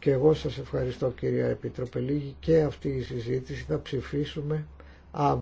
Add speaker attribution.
Speaker 1: Και εγώ σας ευχαριστώ κυρία Επιτροπελίγη και αυτή η συζήτηση θα ψηφίσουμε αύριο.